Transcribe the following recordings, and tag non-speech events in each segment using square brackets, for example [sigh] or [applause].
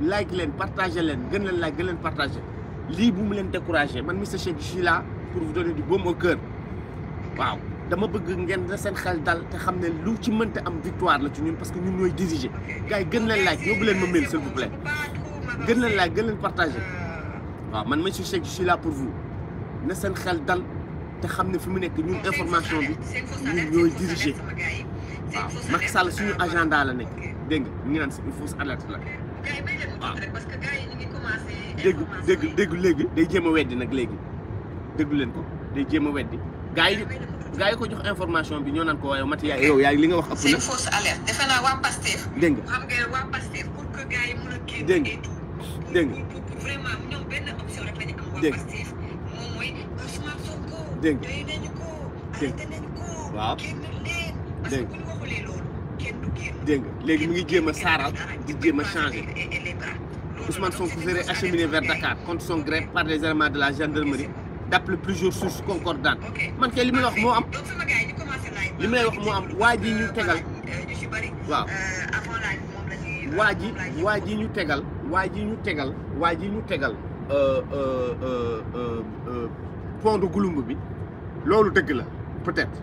like leen partagé leen gën leen like gën leen partagé lii bu mu leen découragé man Mister Shake je suis là pour vous donner du bon au cœur waaw dama bëgg ngeen na seen xel dal te xam ne lu ci mënta am victoire la ci ñun parce que ñun ñooy diriger gars yi gën leen like yóbbu leen ma mail s'il vous plaît gën leen like gën leen partagé waaw man Mister Shake je suis là pour vous na seen xel dal te xam ne fi mu nekk ñun information bi ñun ñooy diriger waaw Macky Sall suñu agenda la nekk dégg ngi naan il faut alerte la. waaw dégg dégg léegi day jéem a weddi nag léegi déglu leen ko day jéem a weddi gaa yi ko jox information bi ñoo naan ko waaye Matia yaay li nga wax ëpp na. dégg a génn. dégg nga dégg waaw dégg Les gens qui Ousmane vers Dakar contre son gré par les armes de la gendarmerie d'après plusieurs sources concordantes man kay li wax am de peut-être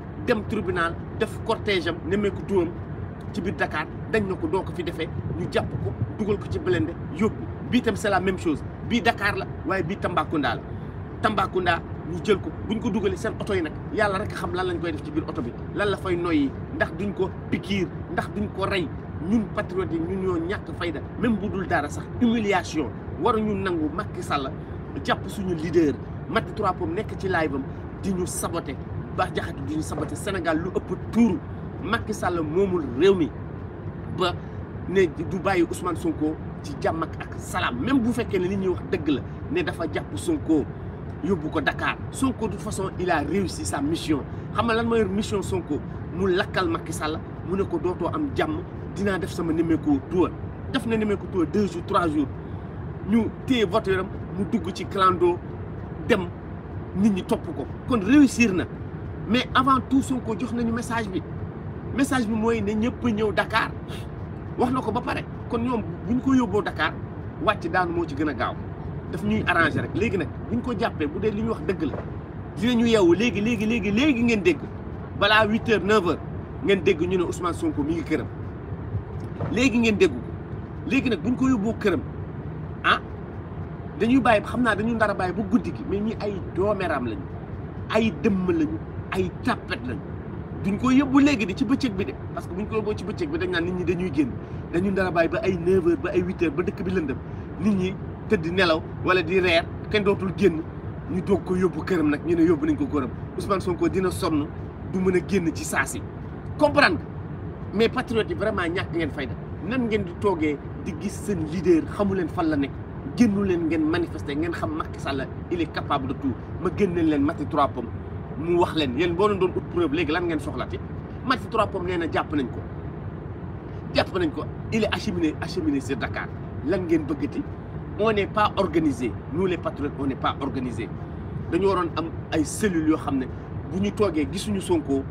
dem tribunal def cortège am nemmeeku turam ci biir Dakar dañ nako ko fi defé ñu japp ko duggal ko ci blende yóbbu bi tam c'est la même chose bi Dakar la waye bi Tambacounda la tambakunda ñu jël ko buñ ko duggalé sen auto yi nak yalla rek xam lan lañ koy def ci biir auto bi lan la fay noyyi ndax duñ ko pikiir ndax duñ ko ray ñun patriotes ñun ñoo ñàkk fayda même bu dul dara sax humiliation waru ñu nangu Macky Sall japp suñu leader Mati Trois Pommes nekk ci live am di ñu saboter bah lu Macky Sall ba ne du baye Ousmane Sonko ci ak même bu réussi sa mission. Il wax dëgg la né dafa a Sonko yobbu ko Sonko de toute façon il a réussi sa mission xam a lan sa mission Sonko mu réussi Macky Sall mu ne ko sa am jamm dina def sama mission. tour def na sa tour deux jours trois jours ñu Il voiture mu dugg ci clando dem nit ñi top ko kon réussir mais avant tout Sonko jox nañu message bi message bi mooy ne ñëpp ñëw dakaar wax na ko ba pare kon ñoom bu ñu ko yóbboo dakaar wàcc daanu moo ci gën a gaaw daf ñuy arrangé rek léegi nag bu ñu ko jàppee bu dee li ñu wax dëgg la dinañu yeewu léegi léegi léegi léegi ngeen dégg balaa huit heures neuf ngeen dégg ñu ne Ousmane Sonko mi ngi këram léegi ngeen dégg léegi nag bu ñu ko yóbboo këram ah dañuy bàyyi xam naa dañu ndara bàyyi bu guddi gi mais ñi ay doomeram lañu ay dëmm ay tàppet lañ duñ ko yóbbu léegi di ci bëccëg bi de parce que buñ ko yóbboo ci bëccëg bi dañ naan nit ñi dañuy génn dañu dara bàyyi ba ay 9h ba ay 8h ba dëkk bi lëndëm nit ñi tëdd nelaw wala di reer kenn dootul génn ñu doog ko yóbbu këram nag ñu ne yóbbu nañ ko këram Ousmane Sonko dina sonn du mën a génn ci saa si comprendre mais patriote yi vraiment ñàkk ngeen fayda nan ngeen di toogee di gis seen leader xamu leen fan la nekk génnu leen ngeen manifester ngeen xam Macky Sall il capable de tout ma génneel leen Mati trois pommes mu wax leen yéen boo doon ut preuve léegi lan ngeen soxlati Maty Trois Pommes nee na jàpp nañ ko jàpp nañ ko il est acheminé acheminé sur Dakar lan ngeen bëggati on n'est pas organiser nous les patriotes on pas organisé dañu waroon am ay cellules yoo xam ne bu ñu toogee gisuñu Sonko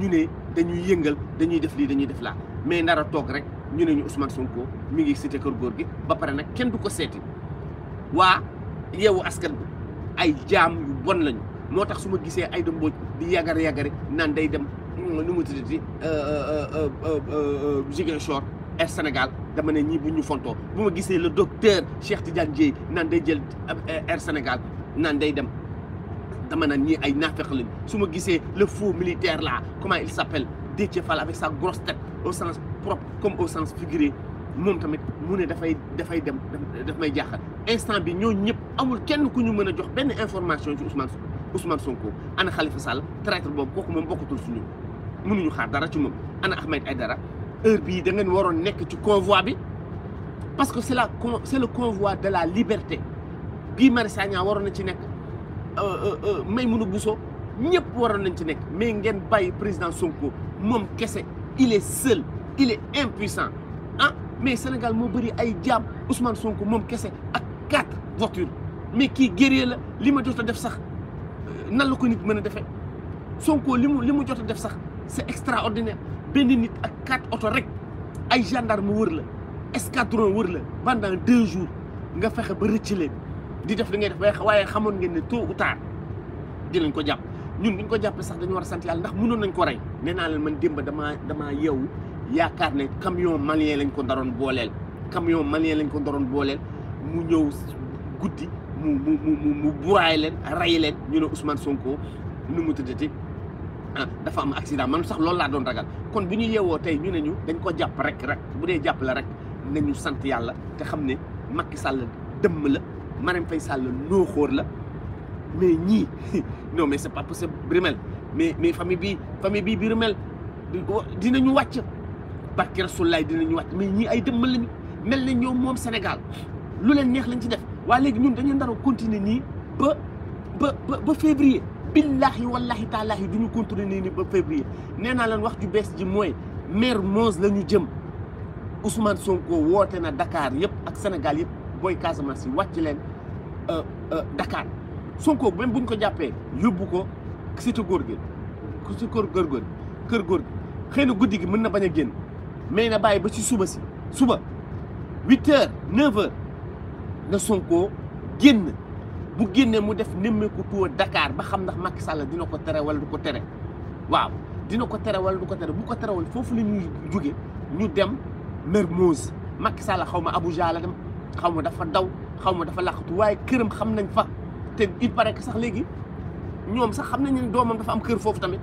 ñu ne dañuy yëngal dañuy def lii dañuy def laa mais nar a toog rek ñu ne ñu Ousmane Sonko mu ngi cité kër góor gi ba pare nag kenn du ko seeti waa yeewu askan bi ay jaam yu bon lañ motax suma su ay gisee bo di yagar yagar naan day dem hmm, nu mu tuddati short euh, euh, euh, Air Sénégal dama né ñi buñu fonto buma bu le docteur Cheikh Tidiane djey naan day jël Air Sénégal naan day dem dama na ñi ay naafeq lañ su ma le faux militaire là comment il s'appelle Déthié Fall avec sa grosse tête au sens propre comme au sens figuré moom tamit mu ne dafay dafay dem daf may jaxal instant bi ñoo ñep amul kenn ku ñu mëna jox ben information ci Ousmane Sonko Ousmane Sonko Anna Khalifa Sall traître boobu kooku moom bokkatul suñu mënuñu xaar dara ci moom ana Ahmed Aidara, heure bii da ngeen waroon nekk ci convoi bi parce que c'est c'est le convoi de la liberté Guy Marius Sagna waroon na ci nekk euh, euh, euh, Maymouna Bousso ñëpp waroon nañ ci nekk mais ngeen bàyyi président Sonko mom kessé il est seul il est impuissant ah mais Sénégal moo bëri ay Ousmane Sonko mom kessé ak quatre voitures mais qui guerrier la li ma jot def sax nan la ko nit mën a defee Sonko li mu li mu jot a def sax c'est extraordinaire benn nit ak quatre oto rek ay gendarme wër la escadron wër la pendant deux jours nga fexe ba rëcc leen di def li ngay def waaye xamoon ngeen ne tôt ou tard dinañ ko jàpp ñun duñ ko jàppee sax dañu war a sant ndax mënoon nañ ko rey nee naa leen man démb damaa damaa yeewu yaakaar ne camion malien lañ ko ndaroon booleel camion malien lañ ko ndaroon booleel mu ñëw guddi mu mu mu mu buraay leen rey leen ñu ne Ousmane sonkoo nu mu tëddati ah, dafa am accident man sax loolu laa doon ragal kon bu ñu yeewoo tey ñu ne ñu dañ ko jàpp rek rek bu dee jàpp rek nañu sant yàlla te xam ne Macky Sall dëmm la Marème Faye Sall nooxóor la mais ñii [laughs] non mais sa pas possible Birumel mais mais famille bii famille bii dina ñu wàcc barki Rasulaay dinañu wàcc mais ñii ay dëmm lañu mel na ñoom moom Sénégal lu leen neex lañ ci def. waa léegi ñun dañu nar a continuer nii ba ba ba février billahi wallahi taalahi du ñu continuer nii nii ba février nee naa leen wax ju bees ji mooy Mermoz la ñu jëm Ousmane Sonko woote na dakaar yëpp ak Sénégal yëpp booy Casamance yi wàcc leen euh, euh, Dakar Sonko même bu ñu ko jàppee yóbbu ko cité góor gi ci kër góor góor kër góor gi xëy na guddi gi mën na bañ a génn mais na bàyyi ba ci suba si suba huit na Sonko génn bu génnee mu def nemmeeku tuwa Dakar ba xam ndax Macky Sall dina ko tere wala du ko tere waaw dina ko tere wala du ko tere bu ko terewul foofu la ñuy jóge ñu dem Mermoz Macky Sall xawma ma Abuja la dem xawma dafa daw xawma dafa làqatu way kërëm xam nañ fa te il paraît que sax légui ñom sax xam nañ ni domam dafa am kër fofu tamit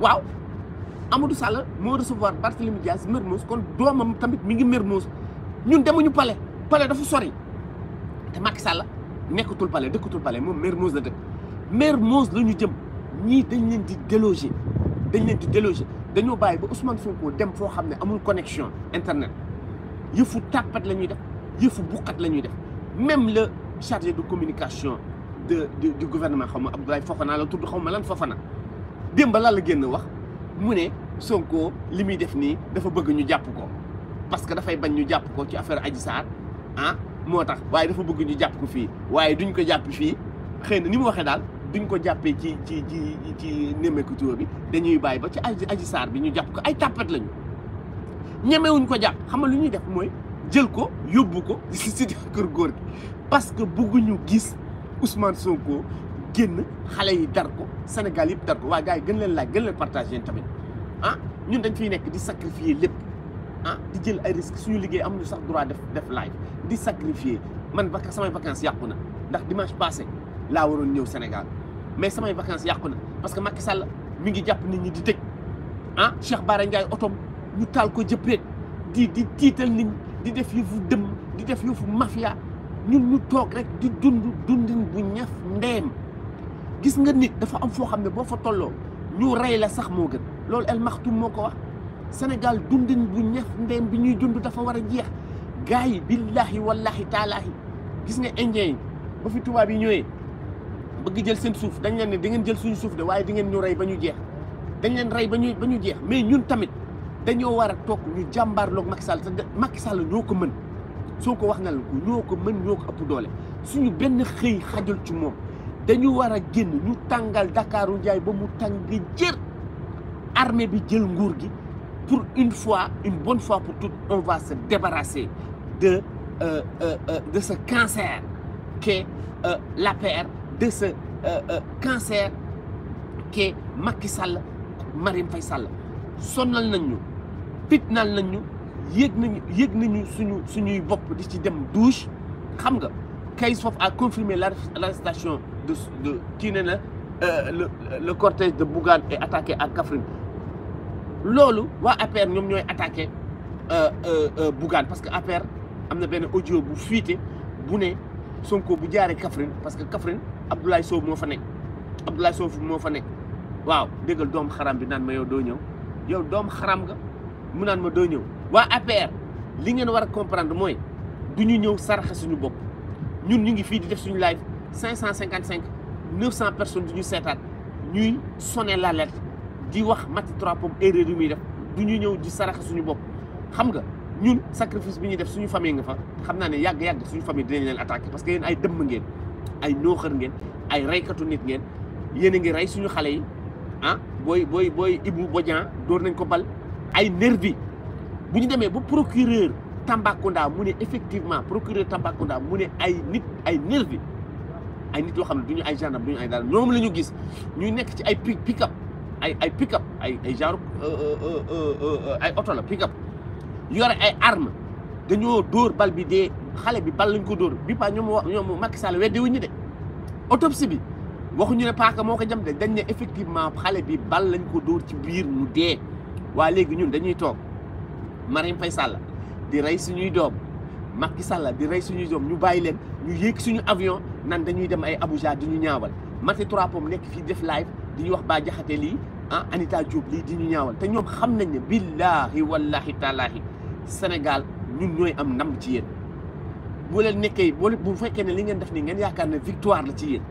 waaw Amadou Sall moo recevoir Barthélémy Dias Mermoz kon domam tamit mi ngi Mermoz ñun demu ñu pale pale dafa sori. Maxala, Macky Sall nekkatul palais palais de la jëm ñi dañ leen di déloger dañ leen di déloger Ousmane Sonko dem connexion internet yefu tapat taper def il buqat def même le chargé de communication du gouvernement xaw Abdoulaye Fofana la tuddu de Fofana a la genn wax Sonko def dafa bëgg ñu parce que nous bañ ñu japp ko ci affaire Adji ah. moo tax waaye dafa bëgg ñu jàpp ko fii waaye duñ ko jàpp fii xëy na ni mu waxee daal duñ ko jàppee ci ci ci ci nemmeeku tuur bi dañuy bàyyi ba ci aji saar bi ñu jàpp ko ay tàppat lañu ñemewuñ ko jàpp xam nga lu ñuy def mooy jël ko yóbbu ko [laughs] si si kër góor gi parce que bëgguñu gis Ousmane Sonko génn xale yi dar ko Sénégal yëpp dar ko waa gars yi gën leen laaj gën leen partage yéen tamit ah ñun dañ fiy nekk di sacrifier lépp. ah di jël ay risques suñu liggéey amuñu sax droit def def live di sacrifier man vaca samay vacances yàqu na ndax dimanche passé laa waroon ñëw Sénégal mais samay vacances yàqu na parce que Macky Sall mu ngi jàpp nit ñi di tëj ah Cheikh Bara Ndiaye otom ñu taal ko jëppreet di di diital nit di def yëfu dëmm di def yëfu mafia ñun ñu toog rek di dund dundin bu ñaf ndeem gis nga nit dafa am foo xam ne boo fa tolloo ñu rey la sax moo gën loolu El Maktoum moo ko wax Sénégal dundin bu ñef ndéem bi ñuy dund dafa war a jeex gaa yi billahi wallahi taalaahi gis nga indien yi ba fi tubaab yi ñëwee bëgg jël seen suuf dañ leen ne di ngeen jël suñu suuf de waaye di ngeen ñu rey ba ñu jeex dañ leen rey ba ñu ba ñu jeex mais ñun tamit dañoo war a toog ñu jàmbaarloog Macky Sall te Macky Sall ñoo ko mën soo ko wax na la ko ñoo ko mën ñoo ko ëpp doole suñu benn xëy xajul ci moom dañu war a génn ñu tàngal Dakaaru Njaay ba mu tàng jër armée bi jël nguur gi pour une fois, une bonne fois pour toutes, on va se débarrasser de, euh, euh, euh de ce cancer qu'est euh, la paire, de ce euh, euh, cancer qu'est Macky Sall, Marine Faye Sall. sonal nañ pitnal fitnaal nañ ñu yéeg nañu yéeg nañu suñu suñuy bopp di ci dem douche xam nga Kayz a confirmé l'arrestation de de le le cortège de Bougane est attaqué à Kaffrine loolu wa APR euh euh euh Bougane parce que APR amna ben audio bu fuité bu né Sonko bu jaaree Kaffrine parce que Kaffrine Abdoulaye Sow mo fa nekk Abdoulaye Sow mo fa nekk waaw déggal dom xaram bi naan ma yow do ñew yow dom xaram nga mu naan ma do ñew wa APR li ngeen war comprendre moy duñu ñew ñëw suñu bop ñun ñu ngi fi di def suñu live cinq cent cinquante cinq neuf cent personnes du ñu ñuy sonné l'alerte di wax Maty Trois Pommes erreur yu muy def du ñu ñëw di saraxa suñu bopp xam nga ñun sacrifice bi ñuy def suñu famille nga fa xam naa ne yàgg-yàgg suñu famille dinañ leen attaqué parce que yéen ay dëmm ngeen ay nooxar ngeen ay reykatu nit ngeen yéen a ngi rey suñu xale yi ah booy booy booy Ibou Bodian door nañ ko bal ay nervi bu ñu demee ba procureur Tambacounda mu ne effectivement procureur Tambacounda mu ne ay nit ay nervi ay nit yoo xam ne du ñu ay gendarme du ay daal ñoom la ñu gis ñuy nekk ci ay pick-up i pick up euh, euh, euh, ay ay pick up You ay arme dañoo bal bi xalé bi bal lañ ko door bi pa wuñu autopsie bi ne paaka jam dé dañ effectivement xalé bi bal lañ ko door ci biir mu dé wa légui ñun dañuy tok di ray suñuy doom Macky di ray suñuy doom ñu ñu suñu avion nan dañuy dem ay Abuja di ñaawal Trapom nek fi def live di wax bah ah Anita Diop lii di ñu ñaawal te ñoom xam nañ ne billaahi wallaahi taalaahi Sénégal ñun ñooy am ndam ci yéen boo leen nekkee boo bu fekkee ne li ngeen def nii ngeen yaakaar ne victoire la ci yéen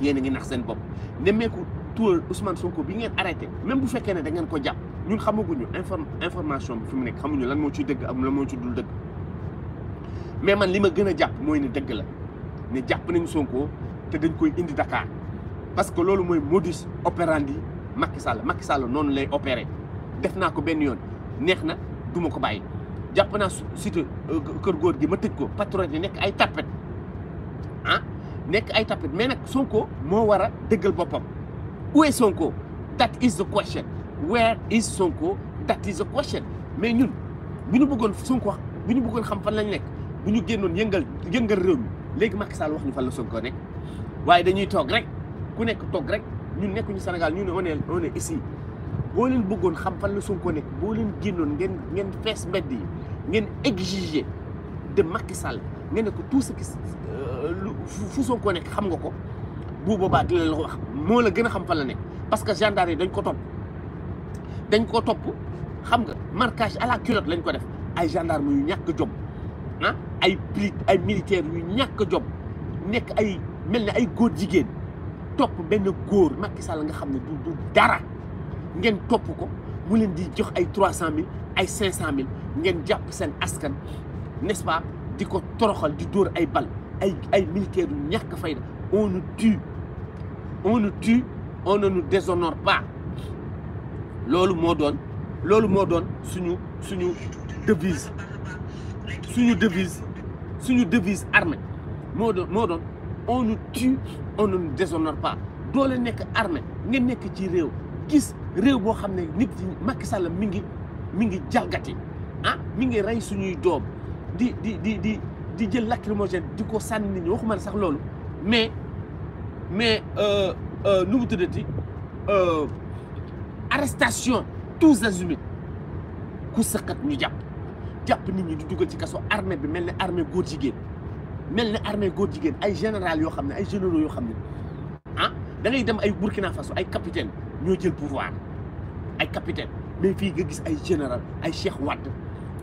yéen a ngi nax seen bopp nemmeeku tuur Ousmane Sonko bi ngeen arrêté même bu fekkee ne da ngeen ko jàpp ñun xamaguñu inform information bi fi mu nekk xamuñu lan moo ci dëgg ak lan moo ci dul dëgg mais man li ma gën a jàpp mooy ne dëgg la ne jàpp nañ Sonko te dañ koy indi Dakar parce que loolu mooy modus operandi Macky Sall Macky Sall noonu lay opéré def naa ko benn yoon neex na duma ko bàyyi jàpp naa Siteu kër góor gi ma tëj ko patron yi nekk ay tapet ah nekk ay tapet mais nag Sonko moo war a dëggal boppam où est Sonko that is the question where is Sonko that is the question mais ñun bu ñu bëggoon Sonko bu ñu bëggoon xam fan lañ nekk bu ñu génnoon yëngal yëngal réew léegi Macky Sall wax ñu fan la Sonko nekk waaye dañuy toog rek ku nekk toog rek. ñun nekkuñu Sénégal ñu ne on est on boo leen bëggoon xam fan la Sonko nekk boo leen génnoon ngeen ngeen fees mbedd yi ngeen exiger de Macky Sall nga ne ko tout ce qui euh, fu Sonko nekk xam nga ko bu boobaa dina la ko wax moo la gën a xam fan la nekk parce que gendarme yi dañ ko topp dañ ko topp xam nga marquage à la lañ ko def ay gendarme yu ñàkk jom ah ay ay militaires yu ñàkk jom nekk ay mel ne ay góor jigéen Top ben gour, Macky Sall nga du du dara ngeen top ko mu leen di jox ay trois ay cinq ngeen askan n'est-ce pas di toroxal di ay ay ay militaires on nous tue on nous tue on ne nous déshonore pas nous mo doon nous mo doon suñu suñu devise suñu devise suñu devise armée mo doon on nous tue on ne nous déshonore pas doole nekk armée ngeen nekk ci réew gis réew boo xam ne nit yi Macky Sall mi ngi mi ngi jalgati ah mi ngi rey suñuy doom di di di di di jël lacrymogène di ko sànni nit ñi waxuma ne sax loolu mais mais euh, euh, nu mu tuddati euh, arrestation tous azimuts ku sëqat ñu jàpp jàpp nit ñi di dugal ci kaso armée bi mel ne armée góor jigéen ملنا أرمي جود جين أي جنرال يو خمن أي جنرال يو خمن ها ده اللي يدم أي بوركينا فاسو أي كابيتان نيجيل بوفوار أي كابيتان مي في جيجس أي جنرال أي شيخ واد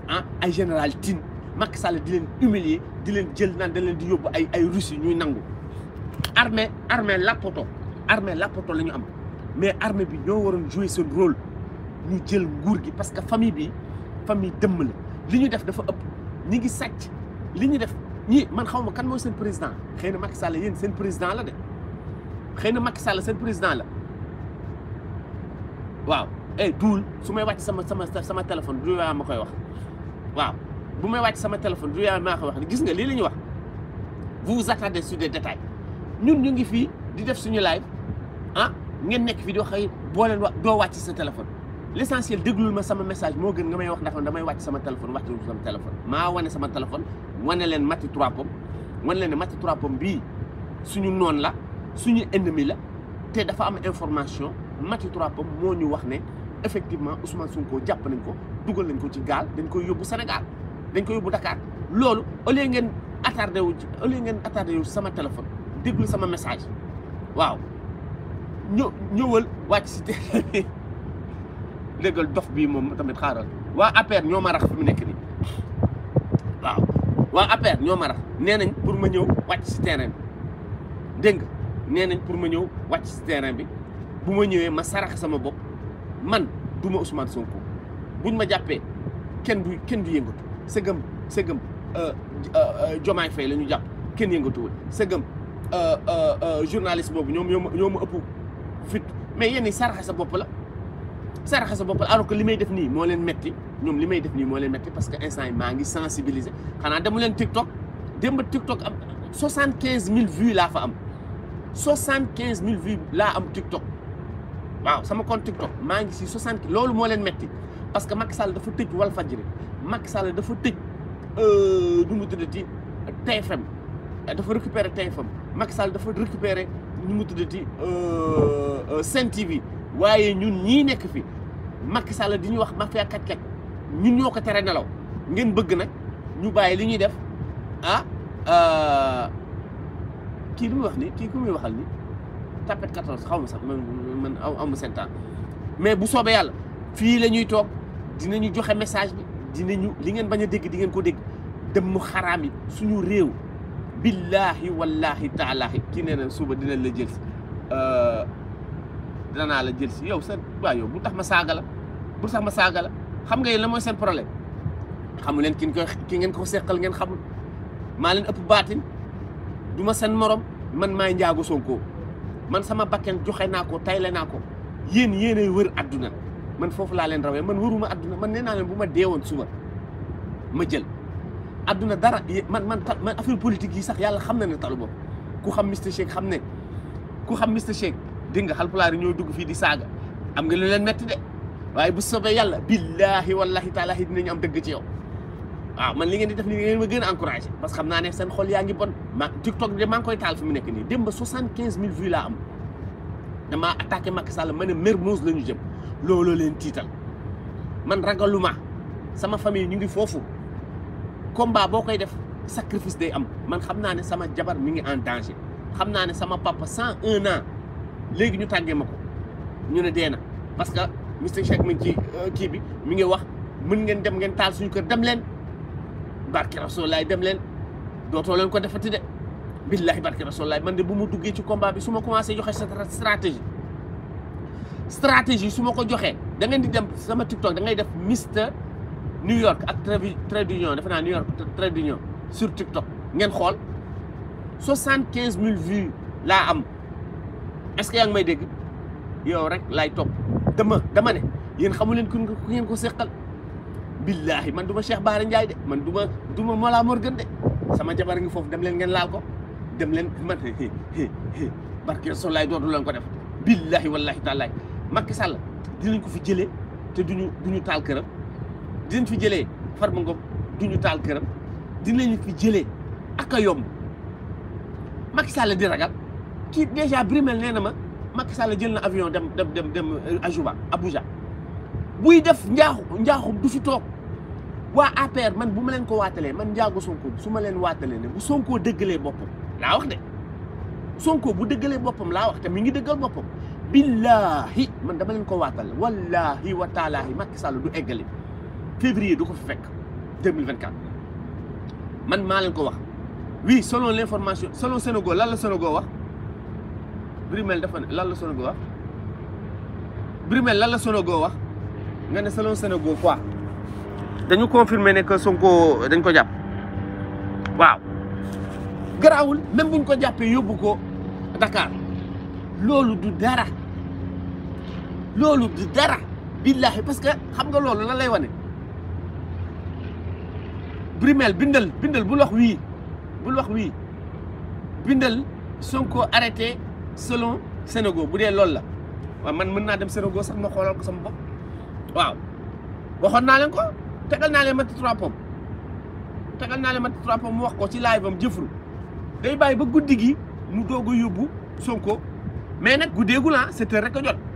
ها أي جنرال تين ماك سال دلين إميلي دلين جيلنا دلين ديوب أي أي روسي نيو نانغو أرمي أرمي لابوتو أرمي لابوتو لينو أم مي أرمي بي نيو ورن جوي سون رول نيجيل غورغي باسكو فامي بي فامي دمل لينو داف دافا اوب نيجي ساتش لينو داف ñii man xawma kan moy sen président xeyna na Macky Sall yéen seen président la de xeyna na Macky Sall seen président la waaw eh duul su may wàcc sama sama sama téléphone du yaa ma wax waaw bu may wàcc sama téléphone du yaa maa koy wax gis nga li la wax vous attendez sur des détails ñun ñu ngi fi di def suñu live ah ngeen nek fii di wax ay boo leen wax doo wàcc sa téléphone l'essentiel essentiel ma sama message mo gën nga may wax ndax damay wacc sama téléphone waxtu sama téléphone ma wone sama téléphone wane leen Maty Trois Pommes wane leen ne Maty Trois bii suñu noon la suñu ennemi la te dafa am information Maty Trois Pommes moo ñu wax ne effectivement Ousmane Sonko jàpp nañ ko dugal nañ ko ci gaal dañ koy yóbbu Sénégal dañ koy yóbbu Dakar loolu au lieu ngeen attardé wu ngeen attardé wu sama téléphone déglu sama message waaw ñëw ñëwal wàcc si te [laughs] déggal dof bii moom tamit xaaral waa APR ñoo ma rax fi mu nekk nii waa APR ñoo ma rax nee nañ pour ma ñëw wàcc si terrain bi dégg nee nañ pour ma ñëw wàcc si terrain bi bu ma ñëwee ma sarax sama bopp man du ma Ousmane Sonko buñ ma jàppee kenn du kenn du yëngatu sëgëm sëgëm Jomaay euh, euh, euh, Fay la ñu jàpp kenn yëngatuwul sëgëm journaliste boobu ñoom ñoo ma ëpp fit mais yéen sarax sa bopp la. saraxe sa bopp alors que li may def nii moo leen metti ñoom li may def nii moo leen metti parce que instant yi maa ngi sensibiliser xanaa demu leen TikTok démb TikTok am 75000 vues laa fa am mille vues laa am TikTok waaw sama compte TikTok maa ngi si 60 loolu moo leen metti parce que Macky Sall dafa tëj Walfadjri Macky Sall dafa tëj euh, nu mu tuddati TFM dafa tey TFM Macky sàll dafa récupérer nu mu tuddati euh, euh, Sen TV. waaye ñun ñii nekk fi Macky Sall di ñu wax mafia kàcc-kàcc ñun ñoo ko tere nelaw ngeen bëgg nag ñu bàyyi li ñuy def ah euh, kii lu muy wax ni kii ku muy waxal ni tapet 14 xaw ma sax man man aw ma seen temps mais bu soobee yàlla fii la ñuy toog ñu joxe message bi dina ñu li ngeen bañ a dégg di ngeen ko dégg dem mu xaraam yi suñu réew billaahi wallaahi taalaahi kii nee na suba dinañ la jël si euh, danaa la jël si yow sa waaye yow bu tax ma saaga la bu tax ma saaga la xam nga yéen la mooy seen problème xamu leen ki koy ki ngeen ko seqal ngeen xamul maa leen ëpp baatin du ma seen morom man maay njaago Sonko man sama bakken joxe naa ko tayle naa ko yéen yéenay wër adduna man foofu laa leen rawee man wëruma adduna man nee naa leen bu ma deewoon suba ma jël adduna dara man man man affaire politique yi sax yàlla xam na ne talu ma ku xam Mister Shake xam ne ku xam Mister Shake dégg nga xalpulaar yi ñoo dugg fii di saaga am nga lu leen metti de waaye bu soobee yàlla billahi wallahi taalahi dinañu am dëgg ci yow waaw man li ngeen di def ni ngeen ma gën a encouragé parce que xam naa ne seen xol yaa ngi bon ma TikTok de maa koy taal fi mu nekk nii démb ba soixante quinze mille vues am damaa attaqué Macky Sall ma ne Mermoz la ñu jëm looloo leen tiital man ragaluma sama famille ñu ngi foofu combat boo koy def sacrifice day am man xam naa ne sama jabar mi ngi en danger xam naa ne sama papa léegi ñu taggé mako ñu né déna parce que Mr Cheikh mi ci euh, kii bi mi ngi wax mën ngeen dem ngeen taal suñu kër dem leen barke Rasulaay dem leen dootoo leen ko defati dé billahi barke Rasulaay man dé bu ma duggee ci combat bi suma ma commencé joxe stratégie stratégie suma ko joxé da ngeen di dem sama TikTok da ngay def Mr New York ak Trade Union defe na New York Trade Union sur TikTok ngeen xol 75000 vues la am est-ce yang may deg yo rek lay top dama dama ne yeen xamu leen ku ngeen ko sekkal billahi man duma Cheikh Baara ndjay de man duma duma du morgan de sama jabar ngi foofu dem len ngeen laal ko dem len man barke so lay dootu lan ko def billahi wallahi taala makki Sall dinañ ko fi jele te duñu duñu taal di dinañ fi jëlee Farba Ngom duñu taal këram dinañ fi jele ak a Sall di ragal kii déjà Brimel nee na ma Macky Sall jël na avion dem dem dem dem euh, Ajuba Abuja buy def njaaxu njaaxu du fi toog waa APR man bu ma leen ko waatalee man njaago Sonko su ma leen waatalee ne bu sonkoo dëggalee boppam laa wax de Sonko bu dëggalee boppam laa wax te mi ngi dëggal boppam billaahi man dama leen ko waatal wallaahi wa taalaahi Macky Sall du eggali février du ko fi fekk 2024 man maa leen ko wax oui solo l' information solo Sénégal lan la Sénégal wax. Brimel dafa ne lan la Sonago wax Brimel lan la Sonago wax nga ne selon Sonago quoi dañu confirmer ne que Sonko dañ ko Wow. waaw garaawul même buñ ko jàppee yóbbu ko Dakar loolu du dara loolu du dara billahi parce que xam nga loolu lan lay Brimel bindal bindal bul wax wii bul wax wii bindal Sonko arrêté selon Sénégal bu dee loolu la waaw man mën naa dem Sénégal sax ma xoolal ko sama bopp waaw waxoon naa leen ko tegal naa leen matti trois pom tegal naa leen matti trois mu wax ko ci live am jëfru day bàyyi ba guddi gi mu doog a yóbbu Sonko mais nag guddee guddeegul ah c'est rek a jot.